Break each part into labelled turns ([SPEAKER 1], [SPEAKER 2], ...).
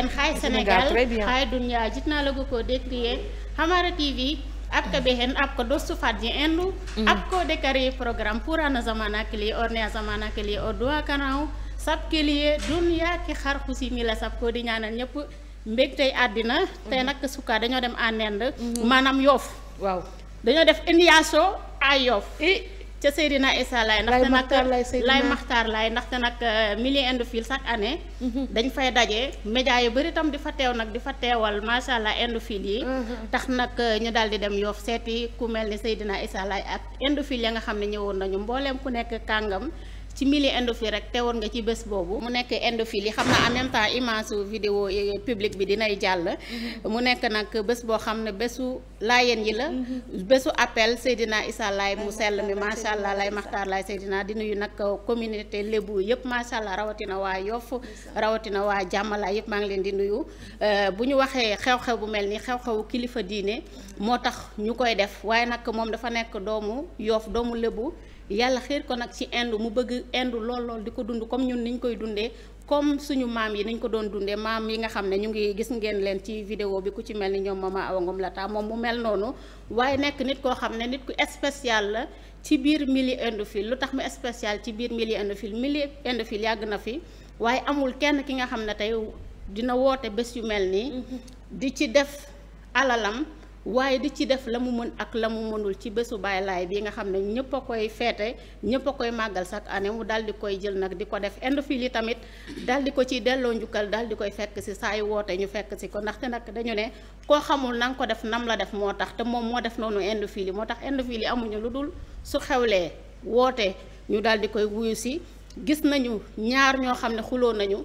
[SPEAKER 1] en hay sénégal hay dunyaji tnalago ko décrier hamara tv afkaɓe hen afka dostu fadji endu mm-hmm. afkode kari programme pourana a clé orne a zamana a o dowa kana o sabkiliye duniya ki xar xusi mi la di ñaanal ñëpp mbég tey àddina tey nag sukka dañoo dem àndend mm-hmm. maanaam yoof waaw dañoo def indiaso ay yoof ca Seydina Issa Laye ndaxte nag Laye Maxtaar Laye ndaxte nag milliers indophiles chaque année mhm. dañ fay daje média yu bëri tam di fa teew nag di fa teewal macha allah indophiles yi mhm. tax nag euh, ñu daal di dem yoof seeti ku mel ni Seydina Issa Laye ak indophiles ya nga xam ne ñëwoon nañu mbooleem ku nekk kàngam ci mili Indophile te woon nga ci bés boobu mu nekk Indophile li xam naa en même image vidéo publique bi dinay jàll mu nekk nag bés boo xam ne bésu laayeen yi la bésu appel Seydina Issa Laye mu sell mi macha allah lay maxtaar lay Seydina di nuyu nag communauté lébu yëpp macha allah rawatina waa yoof rawatina waa jàmmalaay yëpp maa ngi leen di nuyu euh, bu ñu waxee xew-xew bu mel ni xew-xewu kilifa diine moo tax ñu koy def waaye nag moom dafa nekk doomu Yoff doomu lébu yàlla xiir ko nag ci Inde mu bëgg Inde lool lool di ko dund comme ñun niñ koy dundee comme suñu maam yi nañ ko doon dundee maam yi nga xam ne ñu ngi gis ngeen leen ci video bi ku ci mel ni ñoom Mama Awa Ngom Lata moom mu mel noonu waaye nekk nit koo xam ne nit ku espécial la ci biir milieu indophile lu tax mu spécial ci biir milieu indophile milieu indophile yàgg na fi waaye amul kenn ki nga xam ne tey dina woote bés yu mel nii mm-hmm. di ci def alalam waaye di ci def la mu mën ak la mu mënul ci bésu Baay Laay bii nga xam ne ñëpp a koy feete ñëpp a koy màggal chaque année mu daal di koy jël nag di ko def Indophile yi tamit daal di ko ciy delloo njukkal daal di koy fekk si saa yu woote ñu fekk si ko ndaxte nag dañu ne koo xamul na nga ko def nam la def moo tax te moom moo def noonu Indophile yi moo tax Indophile yi amuñu lu dul su xewlee woote ñu daal di koy wuyu si gis nañu ñaar ñoo xam ne xuloo nañu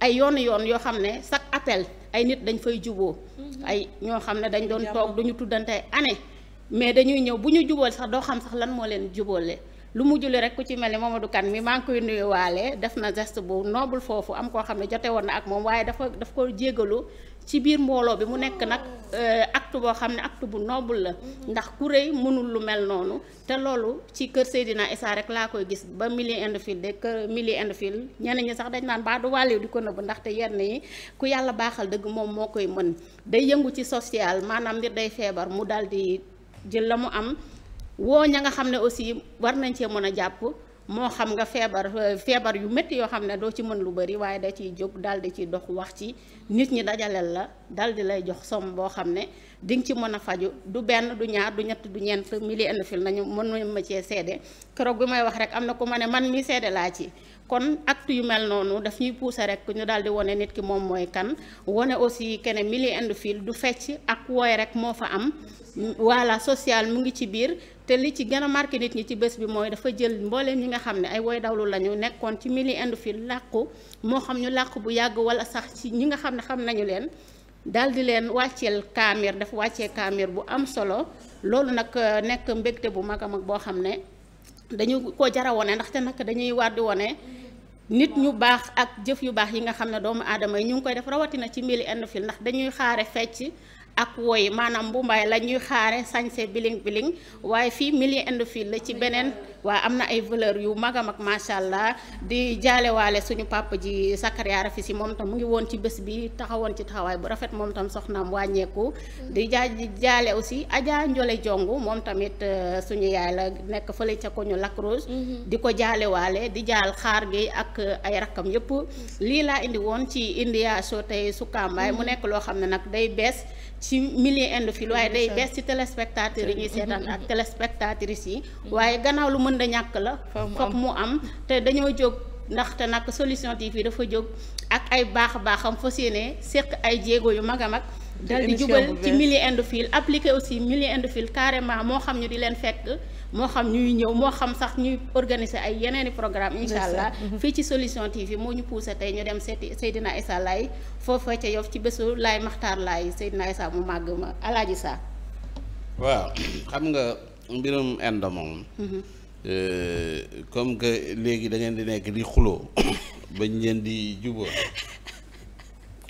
[SPEAKER 1] ay yoonu yoon yoo xam ne chaque appel ay nit dañ fay juboo mhm. ay ñoo xam ne dañ doon toog duñu tuddante année mais dañuy ñëw bu ñu jubal sax doo xam sax lan moo leen juboolee lu mu julli rek ku ci mel ni Mamadou Kane mi maa ngi koy nuyuwaale def na geste bu noble foofu am koo xam ne jote woon na ak moom waaye dafa daf ko jégalu ci biir mbooloo bi mu nekk nag euh, acte boo xam ne acte bu noble la ndax ku rëy mënul lu mel noonu te loolu ci kër Seydina Issa rek laa koy gis ba Millie Endfield de kër Millie Endfield ñeneen ñi sax dañ naan baa du wàllew di ko nëbb ndaxte yenn yi ku yàlla baaxal dëgg moom moo koy mën day yëngu ci social maanaam nit day feebar mu dal di jël la mu am woo ña nga xam ne aussi war nañ cee mën a jàpp moo xam nga feebar feebar yu métti yoo xam ne doo ci mën lu bari waaye day ciy jóg daal di ci dox wax ci nit ñi dajaleel la daal di lay jox somm boo xam ne di nga ci mën a faju du benn du ñaar du ñett du ñeent mili en nañu mën ma cee seede keroog bi may wax rek am na ko ma ne man mi seede laa ci kon acte yu mel noonu daf ñuy pousser rek ñu daal di wane nit ki moom mooy kan wane aussi keneen mili en du fecc ak woy rek moo fa am voilà social mu ngi ci biir te li ci gën a marqué nit ñi ci bés bi mooy dafa jël mbooleem ñi nga xam ne ay woy dawlu lañu nekkoon ci milieu indophile làkku moo xam ñu làkku bu yàgg wala sax ci ñi nga xam ne xam nañu leen daal di leen wàcceel kaamir dafa wàccee kaamir bu am solo loolu nag euh, nekk mbégte bu mag a mag boo xam ne dañu ko jara wone ndaxte nag dañuy war di wone nit ñu baax ak jëf yu baax yi nga xam ne doomu aadama yi ñu ngi koy def rawatina ci milieu indophile ndax dañuy xaare fecc ak woy maanaam mbumbaay la ñuy xaare sañse biling biling waaye fii milieu indophile la ci beneen waa am na ay valeur yu mag a mag macha allah di jaalewaale suñu papa ji Sakaria Rafisi moom mu ngi woon ci bés bi taxawoon ci taxawaay bu rafet moom tam soxnaam wàññeeku di jaa jaale aussi Adja Njole Jong moom tamit euh, suñu yaay la nekk fële ca ñu Lac Rose mm-hmm. di ko jaalewaale di jaal xaar gi ak ay rakkam yëpp mm-hmm. lii laa indi woon ci India Show tey Sukambaay mu mm-hmm. nekk loo xam ne nag day bees ci milieu indophile waaye day bees ci téléspectateurs yi ñuy seetaan ak téléspectatrices yi waaye gannaaw lu mën mën da ñàkk la foog mu am te dañoo jóg ndaxte nag solution TV dafa jóg ak ay baax a baaxam fas yéene seq ay jéego yu mag a mag dal di jubal ci milieu indophile appliqué aussi milieu indophile carrément moo xam ñu di leen fekk moo xam ñuy ñëw moo xam sax ñuy organiser ay yeneeni programme incha allah mm-hmm. fii ci solution TV moo ñu poussé tey ñu dem seeti Seydina Issa Laye foofa ca yof ci bésu Laye Maxtaar Laye Seydina Issa mu màgg ma ji sa
[SPEAKER 2] waaw xam nga mbirum Euh, comme que léegi da ngeen di nekk di xuloo bañ leen di jubóo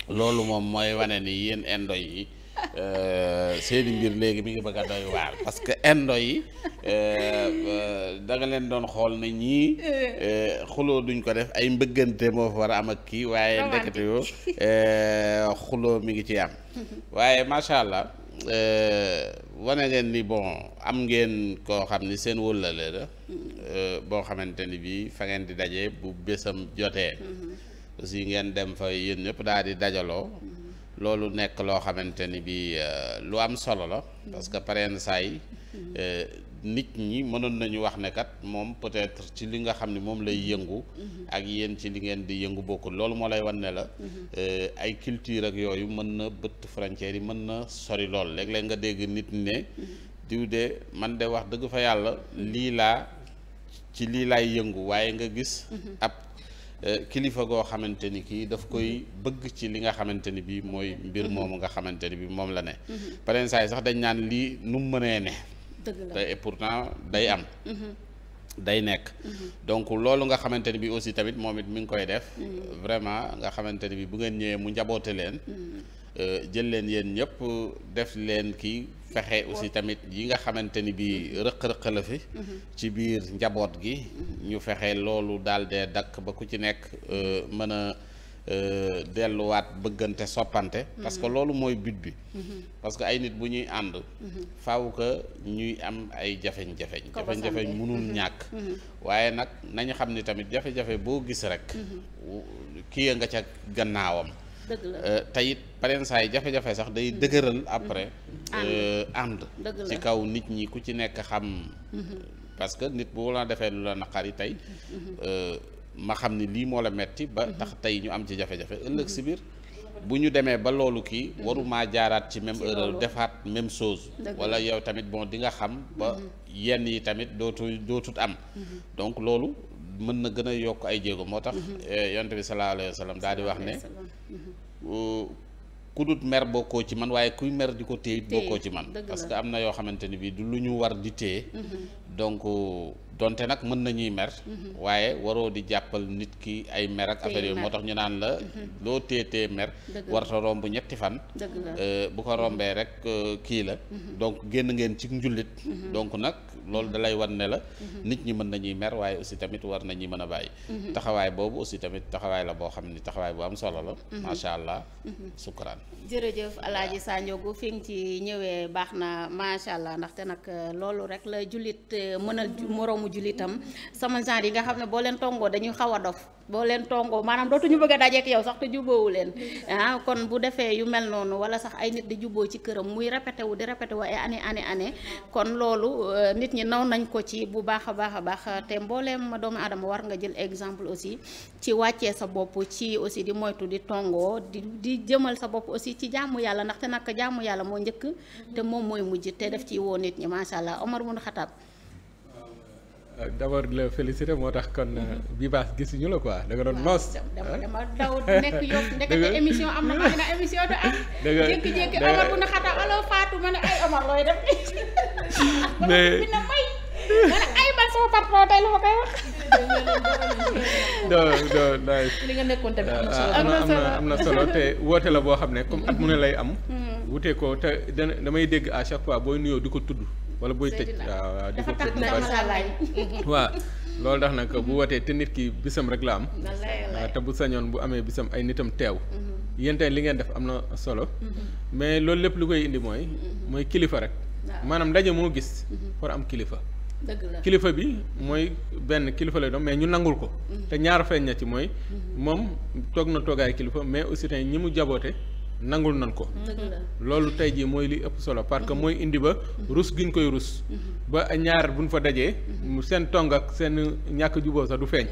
[SPEAKER 2] loolu moom mooy wane ni yéen indo yi euh, seeni mbir léegi mi ngi bëgg a doy waar parce que indo yi euh, da nga leen doon xool na ñii xuloo duñ ko def ay mbëggante moo fa war a am ak kii waaye ndekete yoo xuloo mi ngi ci am waaye macha allah. Euh, wane ngeen ni bon am ngeen koo xam ni seen wëllale la euh, boo xamante ni bii fa ngeen di dajee bu bésam jotee mm-hmm. aussi ngeen dem fa yéen ñëpp daal di dajaloo mm-hmm. loolu nekk loo xamante ni bii euh, lu am solo la mm-hmm. parce que pareen saa yi nit ñi mënoon nañu wax ne kat moom peut-être ci li nga xam ne moom lay yëngu. Mhm. ak yéen ci li ngeen di yëngu bokkul loolu moo lay wan ne la. Mhm. Euh, ay culture ak yooyu mën na bëtt frontière yi mën na sori lool léeg-léeg nga dégg nit ne. Mhm. diw de man de wax dëgg fa yàlla lii laa ci lii laay yëngu waaye nga gis. ab euh, kilifa goo xamante ni kii daf koy bëgg ci li nga xamante ni bii mooy mbir moomu nga xamante ni bii moom la ne. pareen saa sax dañ naan lii nu mënee ne. dëgg la pourtant day am. Mhm. day nekk. Mhm. donc loolu nga xamante ni bi aussi tamit moom it mi ngi koy def. Mhm. vraiment nga xamante ni bi bu ngeen ñëwee mu njaboote leen. Euh, jël leen yéen ñëpp def leen ki fexe aussi tamit yi nga xamante ni bi rëq-rëq la fi ci biir njaboot gi ñu fexe loolu daal dee dakk ba ku ci nekk euh, mën Euh, delluwaat bëggante soppante. parce que mhm. loolu mooy but bi. Mhm. parce que ay nit bu ñuy ànd. Mhm. faaw ka ñuy am ay jafeñ-jafeñ. jafeñ-jafeñ mënul ñàkk. waaye nag nañu xam ni tamit jafe-jafe boo gis rek. kii nga ca gannaawam. dëgg la euh, tey it jafe-jafe sax day dëgëral après. Euh, ànd ci kaw nit ñi ku ci nekk xam. parce que nit bu la defee lu la naqari tey. ma xam ni lii moo la metti ba mhm. tax tey ñu am ci jafe-jafe ëllëg si mhm. biir bu ñu demee ba loolu kii mhm. warumaa jaaraat ci même erreur defaat même chose wala yow tamit bon di nga xam ba yenn yi tamit dootu dootut am donc loolu mën na gën a yokk ay jéego moo tax eh, yonent bi sallallahu alayhi wa sallam daal di wax ne ku dut mer bokkoo ci man waaye kuy mer di ko téye bokkoo ci man parce que am na yoo xamante ni bii du lu ñu war di téye donc donte nag mën nañuy mer. Mhm. waaye waroo di jàppal nit ki ay mer ak affaire yooyu moo tax ñu naan la. Mhm. loo téetee mer. warta romb ñetti fan. Euh, bu ko mhm. rombee rek euh, kii la. donc génn ngeen ci njullit. donc nag loolu da lay wan ne la. nit ñi mën nañuy mer waaye aussi tamit war nañuy mën a bàyyi. taxawaay boobu aussi tamit taxawaay la boo xam ni taxawaay bu am solo la. macha allah. sukkuraan.
[SPEAKER 1] jërëjëf El Hadj Sanjogu nga ci ñëwee baax na macha allah ndaxte nag euh, loolu rek la jullit moroomu jullitam sama genre yi nga xam ne boo leen tongoo dañuy xaw a dof boo leen tongoo maanaam dootuñu bëgg a dajeek yow sax te juboowu leen ah kon bu defee yu mel noonu wala sax ay nit di juboo ci këram muy répété wu di répété wu ay année année année kon loolu euh, nit ñi naw nañ ko ci bu baax a baax a baax te mbooleem ma doomu aadama war nga jël exemple aussi ci wàccee sa bopp ci aussi di moytu di tongoo di di jëmal sa bopp aussi ci jàmm yàlla ndaxte nag jaamu yàlla moo njëkk te moom mooy mujj te def ci woo nit ñi macha allah Omar mun
[SPEAKER 3] Euh, d' abord la félicité moo tax kon. bii euh, mhm. baas gisuñu la ko da nga doon noos. Ah. dama
[SPEAKER 1] daw nekk yow ndekete émission am na maa am.
[SPEAKER 4] na nekkoon am solo am na solo euh, am te
[SPEAKER 3] woote la boo xam ne comme at mu ne lay am. Mm. wutee ko te damay dégg à chaque fois booy nuyoo di ko tudd. wala booy tëj waaw waaw di tax bu watee te nit ki bisam rek la am te bu sañoon bu amee bisam ay nitam teew mm-hmm. yéen li ngeen def am na solo mm-hmm. mais loolu lépp lu koy indi mooy mm-hmm. mooy kilifa rek maanaam daje moo gis war am kilifa kilifa bi mooy benn kilifa lay doon mais ñu nangul ko. te ñaar feeñ na ci mooy. moom toog na toogaay kilifa mais aussi ñi mu jaboote nangul nañ ko loolu tey jii mooy li ëpp solo parce que mhm. mooy indi ba mhm. rus gi ñu koy rus mhm. ba ñaar buñ fa dajee seen tong ak seen ñàkk juboo sax du feeñ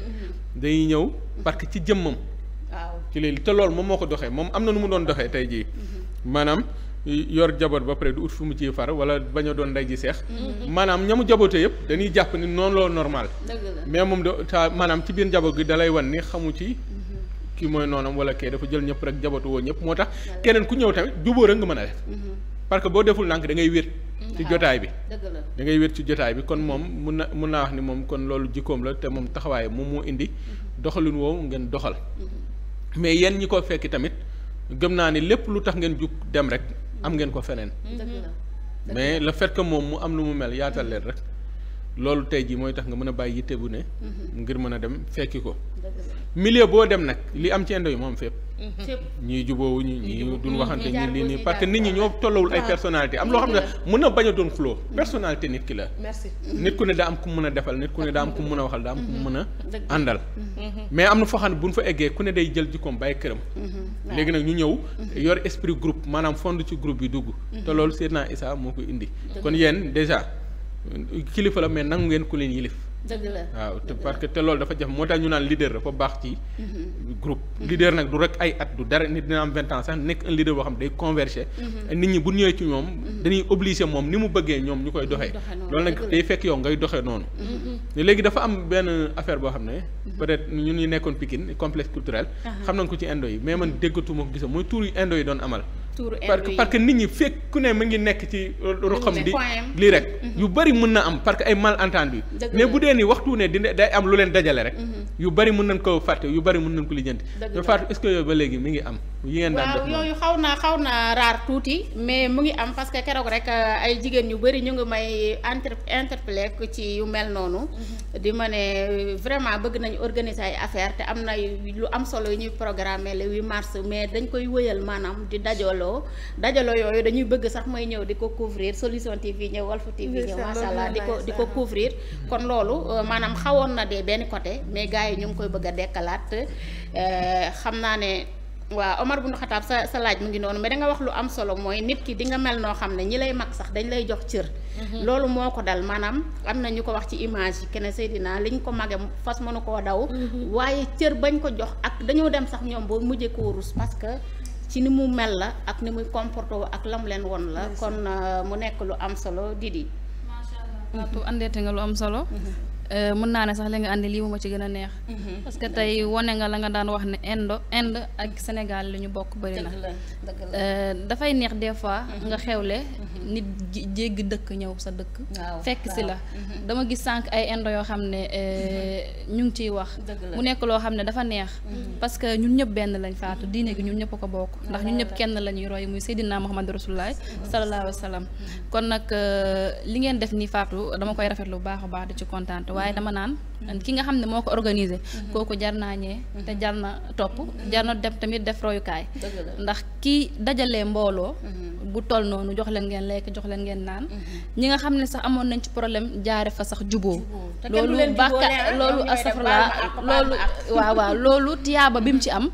[SPEAKER 3] dañuy ñëw parce que ci jëmmam ci léegi te loolu moom moo ko doxee moom am na nu mu doon doxee tey jii maanaam yor jaboot ba pare du ut fu mu ciy far wala bañ a doon ndey ji seex maanaam ñamu jaboote yëpp dañuy jàpp ni noonu loolu normal mais moom da maanaam ci biir njaboot gi dalay wan ni xamu ci kii mooy noonam wala kay dafa jël ñëpp rek jabatu woo ñëpp moo tax keneen ku ñëw tamit jubóo rek nga a def mm-hmm. parce que boo deful nànk da ngay wér mm-hmm. ci jotaay bi ah, da ngay wér ci jotaay bi kon moom mun na mun naa wax ni moom kon loolu jikkoom la te moom taxawaay moom moo indi mm-hmm. doxalin woowu ngeen doxal mais yéen ñi ko fekki tamit gëm naa ni lépp lu tax ngeen jug dem rek am ngeen ko feneen mais le fait moom mu am lu mu mel yaatal leen rek loolu tey jii mooy tax nga mën a bàyyi yitte bu ne. Mhm. ngir mën a dem fekki ko. milieu boo dem nag li am ci indo yi moom mhm. fépp. ñii jubóowuñu ñii duñ waxante ñii lii nii parce que nit ñi ñoo tollawul ay personnalité am loo xam ne mën a bañ a doon xuloo mhm. personnalité nit ki la nit ku ne daa am ku mën a defal nit ku ne daa am ku mën a waxal daa am ku mën a àndal mais am na foo xam ne bu ñu fa eggee ku ne day jël jikkoom bàyyi këram léegi nag ñu ñëw yor esprit groupe maanaam fond ci groupe bi dugg te loolu Seydina Issa moo ko indi kon yéen déjà kilifa la mais nangu ngeen ku leen yilif dëgg la waaw te parce que te loolu dafa jafe moo tax ñu naan leader dafa baax ci. Mm-hmm. groupe mm-hmm. leader nag du rek ay at du dara nit dina am vingt ans sax nekk un leader boo xam day converger. Mm-hmm. nit ñi bu ñëwee ci ñoom. dañuy obligé moom ni mu bëggee ñoom ñu koy doxee. loolu nag day fekk yoo ngay doxee noonu. léegi dafa am benn affaire boo xam ne. peut-être ñun ñu nekkoon Pikine complexe culturel. Uh-huh. xam nañ ko ci indo yi mais man déggatuma ko gisam mooy tuur indo yi doon amal.
[SPEAKER 4] tuuru parce parce
[SPEAKER 3] que nit ñi fekk ku ne mu ngi nekk ci ruqam di lii rek mhm. yu bëri mën na am parce que ay malentendu mais bu dee ni waxtu ne dina day am lu leen dajale rek mhm. yu bëri mën nañ ko fàtte yu bëri mën na ko lijjanti yo fàtte est-ce que yooyu ba léegi mi ngi am yi ngeen daan def
[SPEAKER 1] yooyu mais mu ngi am parce que keroog rek euh, ay jigéen ñu bëri ñu ngi may entre interpellé ci yu mel noonu mhm. di ma ne euh, vraiment bëgg nañ organiser ay affaire te am na lu am solo yu ñuy programmer le 8 mars mais dañ koy wëyal maanaam di dajool dajaloo dajaloo yooyu dañuy bëgg sax may ñëw di ko couvrir solution TV ñëw Walf TV ñëw macha allah di ko di ko couvrir kon loolu euh, maanaam xawoon na dee benn côté mais gars yi ñu ngi koy bëgg a dekkalaat euh, xam naa ne. waaw Omar bun Xataab sa sa laaj mu ngi noonu ma danga wax lu am solo mooy nit ki di nga mel noo xam ne ñi lay mag sax dañ lay jox cër. Mhm. loolu moo ko dal maanaam am na ñu ko wax ci image yi keneen Seydina liñ ko mage fas mënu koo daw. Mhm. waaye cër bañ ko jox ak dañoo dem sax ñoom boo mujjee ci ni mu mel la ak ni muy comporto wu ak lam leen woon la kon euh, mu nekk lu am solo di
[SPEAKER 5] macha allah. andete nga lu am solo. Mm-hmm. Euh, mën naa ne sax li nga andi lii moom ma ci gën a neex. Mhm. parce que tey wone nga la nga daan wax ne Indo Inde ak Sénégal li ñu bokk bari na. Euh, dafay neex des fois. Mhm. nga xewle. Mhm. nit jéggi dëkk ñëw sa dëkk. fekk si la. dama gis sànq ay Indo yoo xam ne euh, ñu ngi ciy wax. mu nekk loo xam ne dafa neex. parce que ñun ñëpp benn lañ faatu diine gi ñun ñëpp ko bokk. ndax ñun ñëpp kenn lañuy roy muy Seydina Muhammad Rasulullah sallallahu alayhi wa sallam kon nag li ngeen def nii faatu dama koy rafet lu baax a waaye dama naan ki nga xam ne moo ko organisé mhm. kooku jar naa ñee mhm. te jar na topp jar na dem tamit def royukaay ndax kii dajalee mbooloo mhm. bu toll noonu jox leen ngeen lekk jox leen ngeen naan ñi nga xam ne sax amoon nañ ci problème jaare fa sax juboo loolu bàkka loolu astafurlaa loolu waaw waaw loolu tiyaaba bi mu ci am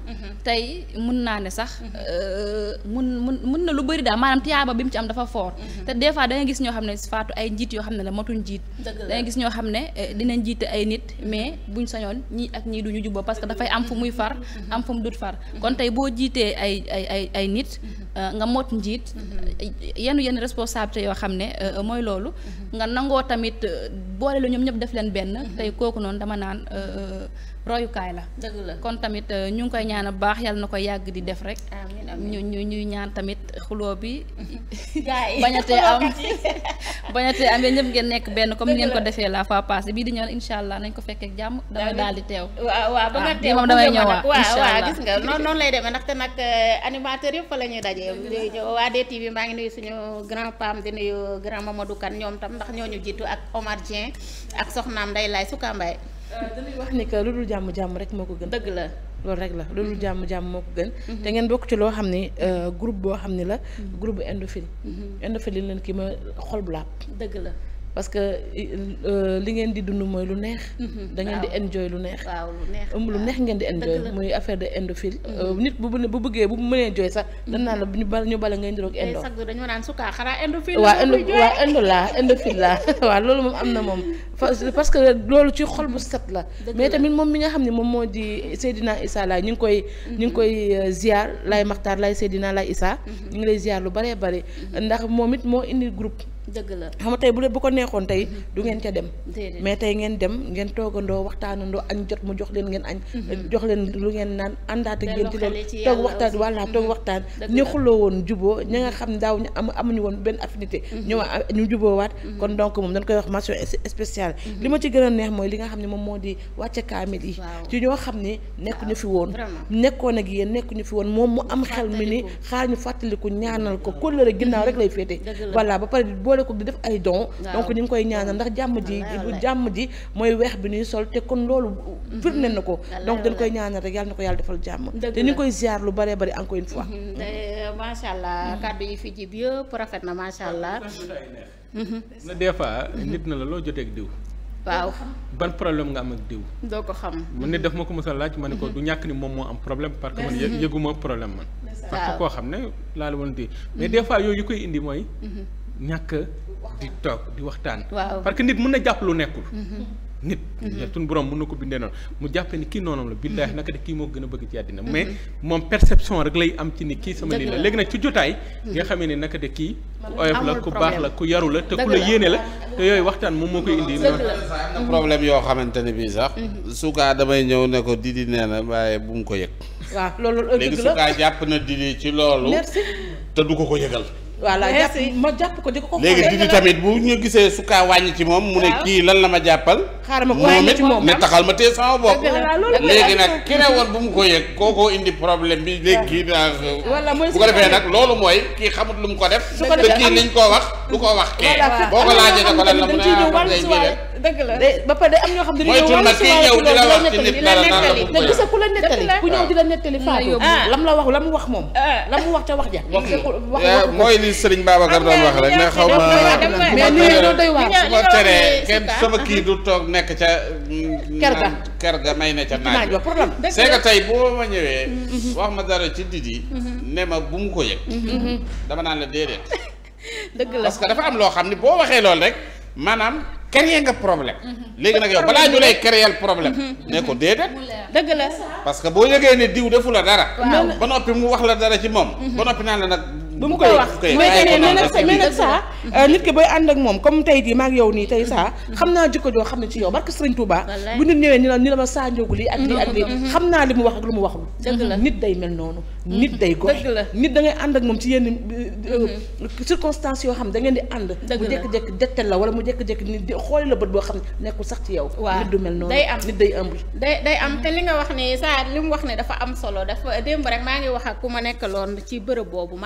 [SPEAKER 5] tey mun naa ne sax euh, mun mun mun na lu bëri daal maanaam tiyaaba bi mu ci am dafa foor mm-hmm. te des fois da gis ñoo xam ne faatu ay njiit yoo xam ne la matuñ jiit da nga gis ñoo xam ne euh, dinañ jiite ay nit mais bu buñ sañoon ñii ak ñii duñu juboo parce que dafay am fu muy far mm-hmm. am fu mu dut far mm-hmm. kon tey boo jiitee ay ay ay nit Euh, nga mot njiit mm-hmm. yenn yenn responsabilité yoo xam ne euh, mooy loolu mm-hmm. nga nangoo tamit euh, boole lu ñoom ñëpp def leen benn mm-hmm. tey kooku noonu dama naan royukaay la dëgg la kon tamit ñu ngi koy ñaan bu baax yàlla na ko yàgg di def rek ñu ñu ñuy ñaan tamit xuloo bi bañatee am bañatee am yéen ñëpp ngeen nekk benn comme ni ngeen ko defee la fois passée bii di ñëw insha allah nañ ko fekkee jàmm damay daal teew
[SPEAKER 1] waaw waaw ba nga ah, teew moom damay nga noonu noonu lay demee ndaxte nag animateurs waa DTV maa ngi nuyu suñu grand pam di nuyu grand Mamadou Kane ñoom tam ndax ñoo ñu jiitu ak Omar Dieng ak soxnaam Ndeye Laye Souka Mbaye
[SPEAKER 4] euh, dañuy wax ni que lu dul jàmm jàmm rek moo ko gën dëgg la loolu rek la loolu jàmm jàmm moo ko gën. Mhm. te ngeen bokk ci loo xam ni euh, groupe boo xam ni la. Mhm. group bu indophile. Mhm. indophile leen kii ma xol bu dëgg la parce que euh, li ngeen di dund mooy lu neex. Mm-hmm. da di enjoy lu neex. waaw lu neex lu neex ngeen di enjoy. muy affaire de endophile. Mm-hmm. Euh, nit bu bu bëggee bu mënee jooy sax. Mm-hmm. dañ naan la ñu bal ñu bala ngay ndiroog eh, endo. tey
[SPEAKER 1] dañu naan su kaa xanaa endophile. waaw endo waaw
[SPEAKER 4] endo laa endophile laa waaw loolu moom am na moom. parce que loolu ci xol bu set la. mais tamit moom mi nga xam ne moom moo di Seydina Issa laay ñu ngi koy. ñu ngi koy euh, ziar laay Maxtaar laay Seydina laay Issa. ñu ngi lay ziar lu baree bare. ndax moom it moo indi groupe. dëgg la xam nga tey bu bu ko neexoon tey mm-hmm. du ngeen ca dem mais tey ngeen dem ngeen toogandoo waxtaanandoo añ jot mu jox leen ngeen añ mm-hmm. jox leen lu ngeen naan àndaate ngeen di leen toog waxtaan voilà toog mm-hmm. waxtaan ñu xuloo woon juboo ña nga xam daaw ñu am amuñu woon benn affinité ñoo ñu juboo waat kon donc moom dañ koy wax mention spéciale li ma ci gën a neex mooy li nga xam ne moom moo di wàcce kaamil yi ci ñoo xam ne nekk ñu fi woon nekkoon ak yéen nekk ñu fi woon moom mu am xel mi ni xaar ñu fàttaliku ñaanal ko kóllëre ginnaaw rek lay féete voilà ba pare boole ko di def ay don donc ñu ngi koy ñaanal ndax jàmm ji bu jàmm ji mooy weex bi ñuy sol te kon loolu mm-hmm. firnde na ko donc dañ koy ñaanal rek yal na ko yàlla defal jàmm te ñu ngi koy ziar lu bare bari encore une fois
[SPEAKER 1] mm-hmm. macha allah mm-hmm. kàddu yi fi jib yëpp rafet na macha allah
[SPEAKER 3] na des fois nit na la loo jotee ak diw waaw ban problème nga am ak diw
[SPEAKER 1] doo ko xam man
[SPEAKER 3] ne daf ma ko mos a laaj ma ne ko du ñàkk ni moom moo am problème parce que man yëguma problème man parce que koo xam ne laal woon di mais des yooyu koy indi mooy ñàkk di toog di waxtaan. waaw parce que nit mun na jàpp lu nekkul. Mhm. nit. Mhm. tun borom mën na ko bindee noonu mu jàppe ni kii noonu la. Mhm. billaahi naka de kii moo gën a bëgg ci àddina mais moom perception rek lay am ci ni kii sama lii léegi nag ci jotaay. nga xamee ni naka de kii. ku oyof la ku baax la ku yaru la te la yéene la
[SPEAKER 2] te yooyu waxtaan moom moo koy indi. noonu am na problème yoo xamante ne bii sax. su kaa damay ñëw ne ko Didi nee na waaye bu mu ko yëg.
[SPEAKER 4] waaw loolu loolu léegi su
[SPEAKER 2] jàpp na Didi ci loolu. te du ko ko yëgal
[SPEAKER 4] voilà jàpp ma jàpp ko di ko ko léegi Didi tamit
[SPEAKER 2] bu ñu gisee su kaa wàññi ci moom mu ne kii lan la ma jàppal
[SPEAKER 4] xaaral ma ko wàññi
[SPEAKER 2] ne ah. taxal ma téye sama bopp léegi nag ki ne woon bu mu ko yëg kookoo indi problème bi léegi kii daa
[SPEAKER 4] bu ko defee nag
[SPEAKER 2] loolu mooy kii xamut lu mu ko def te kii liñ koo wax du ko wax kee boo ko laajee ne ko lan la mu ne
[SPEAKER 4] dëgg la ba pare am ñoo xam ne dañuy ñëw ci ñëw di la wax ci nit la nettali te la la nettali faatu lam wax lam wax moom lam wax ca wax ja mooy
[SPEAKER 2] li Serigne Babacar doon wax rek ne xaw ma mais nii kii du toog nekk ca kër ga ga may na ca naaj wa problème c'est que tey boo ma ñëwee wax dara ne ma bu mu ko dama naan la déedéet dëgg la parce que dafa am loo xam ne boo waxee lool rek maanaam créer nga problème. Mhm. léegi nag yow balaa ñu lay créer problème. Mhm. ne ko déedéet. dëgg la parce que boo yëgee ne diw defu la dara. ba noppi mu wax la dara ci moom. Mhm. ba noppi naan la nag. dama koy wax mais mais nag mais nag nit
[SPEAKER 4] ki booy ànd ak moom comme tey maak yow nii tey saa mm-hmm. xam naa jikko joo xam ne ci yow barke Sëriñ Tuuba bu wax ak lu mu waxul mm-hmm. nit da ngay ànd ak moom ci yenn mm-hmm. euh, circonstances yoo xam da ngeen di ànd mu jékki-jékki dettel la wala mu jékki-jékki nit xooli la bët boo xam ne nekkul sax ci yow nit du mel noonu day am nit day ëmb
[SPEAKER 1] day day am te li nga wax ne saa li maa ngi wax ak ku ma nekk loon ci bërëb boobu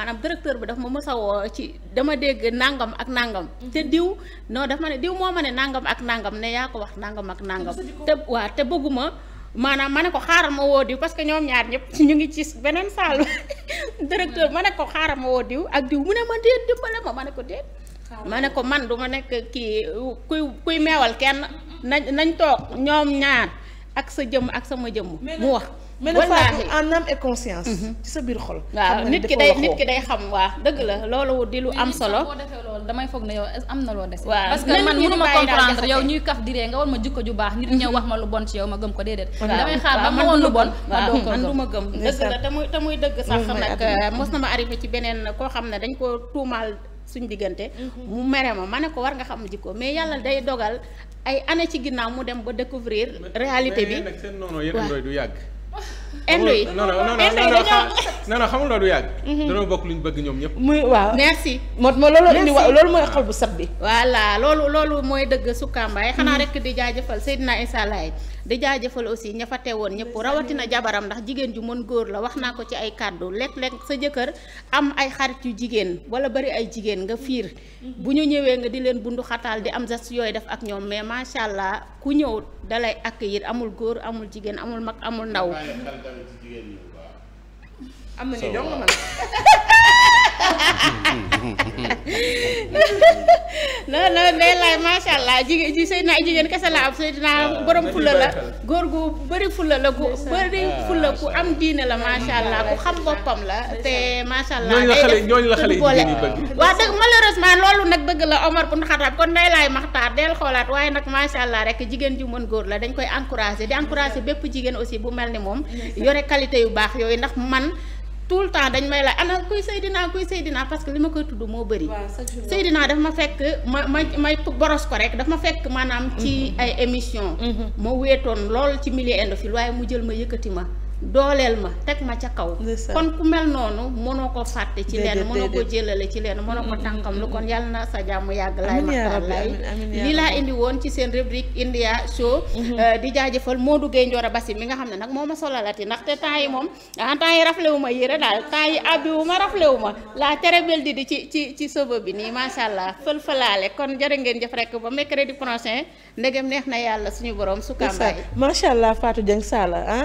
[SPEAKER 1] docteur bi dafa ma mës a woo ci dama dégg nangam ak nangam. Mhm. te diw non daf ma ne diw moo ma ne nangam ak nangam ne yaa ko wax nangam ak nangam. te waa te bëgguma maanaam ma ne ko xaaral ma woo diw parce que ñoom ñaar ñëpp ñu ngi ci beneen salle directeur ma ne ko xaaral ma woo diw ak diw mu ne ma déet dimbale ma ma ne ko déet. ma ne ko man du ma nekk kii kuy kuy meewal kenn nañ nañ toog ñoom ñaar. ak sa jëmm ak
[SPEAKER 4] sama jëm mu wax wallaahi en mm-hmm. sa biir xol. waaw nit ki day nit ki
[SPEAKER 5] day xam waa dëgg la loolu di lu am solo. defee loolu damay foog ne yow am na loo dese. waaw parce que man mënu ma comprendre yow ñuy kaf diree nga war ma jikko ju baax nit ñëw mm-hmm. wax ma lu bon ci yow ma gëm ko déedéet. damay ma woon dëgg la te muy te muy dëgg sax nag euh, mos na ma
[SPEAKER 1] arrivé ci beneen koo xam ne dañ ko tuumaal. suñu diggante mhm. mu mere ma ma ne ko war nga xam ko mais yàlla day dogal ay année ci ginnaaw mu dem ba découvrir réalité bi nag
[SPEAKER 3] seen noonu yéen doy du yàgg indu yi non non non non non yàgg. Mhm. dañoo bokk luñ bëgg ñoom ñëpp. muy waaw merci. moo moo loolu indi mooy xol bu sab bi.
[SPEAKER 1] waala loolu loolu mooy dëgg sukkambaay xanaa rek di jaajëfal Seydina Issa Laye di jaajëfal aussi ña fa woon ñëpp rawatina jabaram ndax jigéen ju mën góor la wax naa ko ci ay kàddu léeg-léeg sa jëkkër am ay xarit yu jigéen wala bari ay jigéen nga fiir mhm. bu ñu ñëwee nga di leen bundu xataal di am geste yooy def ak ñoom mais macha allah ku ñëw dalay accueillir amul góor amul jigéen
[SPEAKER 4] amul mag amul ndaw
[SPEAKER 2] tamit ci jigéen ñi bu baax.
[SPEAKER 4] am na ñu dong man. non non day
[SPEAKER 1] laay allah jigéen ji sëy naa jigéen kese la am sëy naa ah, borom fulla la góor gu bëri fulla la gu bëri ah, fulla ku am diine la macha allah ku xam boppam la te macha allah. ñooñu la xale ñooñu la xale yi bëgg. waaw dëgg malheureusement loolu nag bëgg la Omar bun Xataab kon day laay maxtaar del xoolaat nag macha allah rek jigéen ju mën góor la dañ koy encouragé di encouragé bépp jigéen aussi bu mel ni moom yore qualité yu baax yooyu ndax man. tout le temps dañ may la ana kuy Seydina kuy Seydina parce que li ma koy tudd moo bëri. Seydina daf ma fekk ma ma may boros ko rek daf ma fekk maanaam. ci mhm. ay émission mhm. ma wéetoon lool ci milieu indophile waaye mu jël ma yëkkati ma. dooleel ma teg ma ca kaw kon ku mel noonu mënoo ko fàtte ci lenn mënoo ko jëlale ci lenn mënoo ko tànkam lu kon yàlla na sa jàmm yàgg laay maxtaan lay laa indi woon ci seen rubrique India show mhm. euh, di jaajëfal Modou Gueye Ndiora Bassi mi nga xam ne nag moo ma solalati ndaxte temps yi moom ah temps yi raflewu ma yére daal temps yi abbiwu ma raflewu ma la très belle di ci ci ci sëba bi nii macha allah fël-fëlaale kon jërë ngeen jëf rek
[SPEAKER 5] ba di prochain ndegem neex na yàlla suñu borom su kàmbaay
[SPEAKER 4] macha allah Fatou Dieng Sall ah.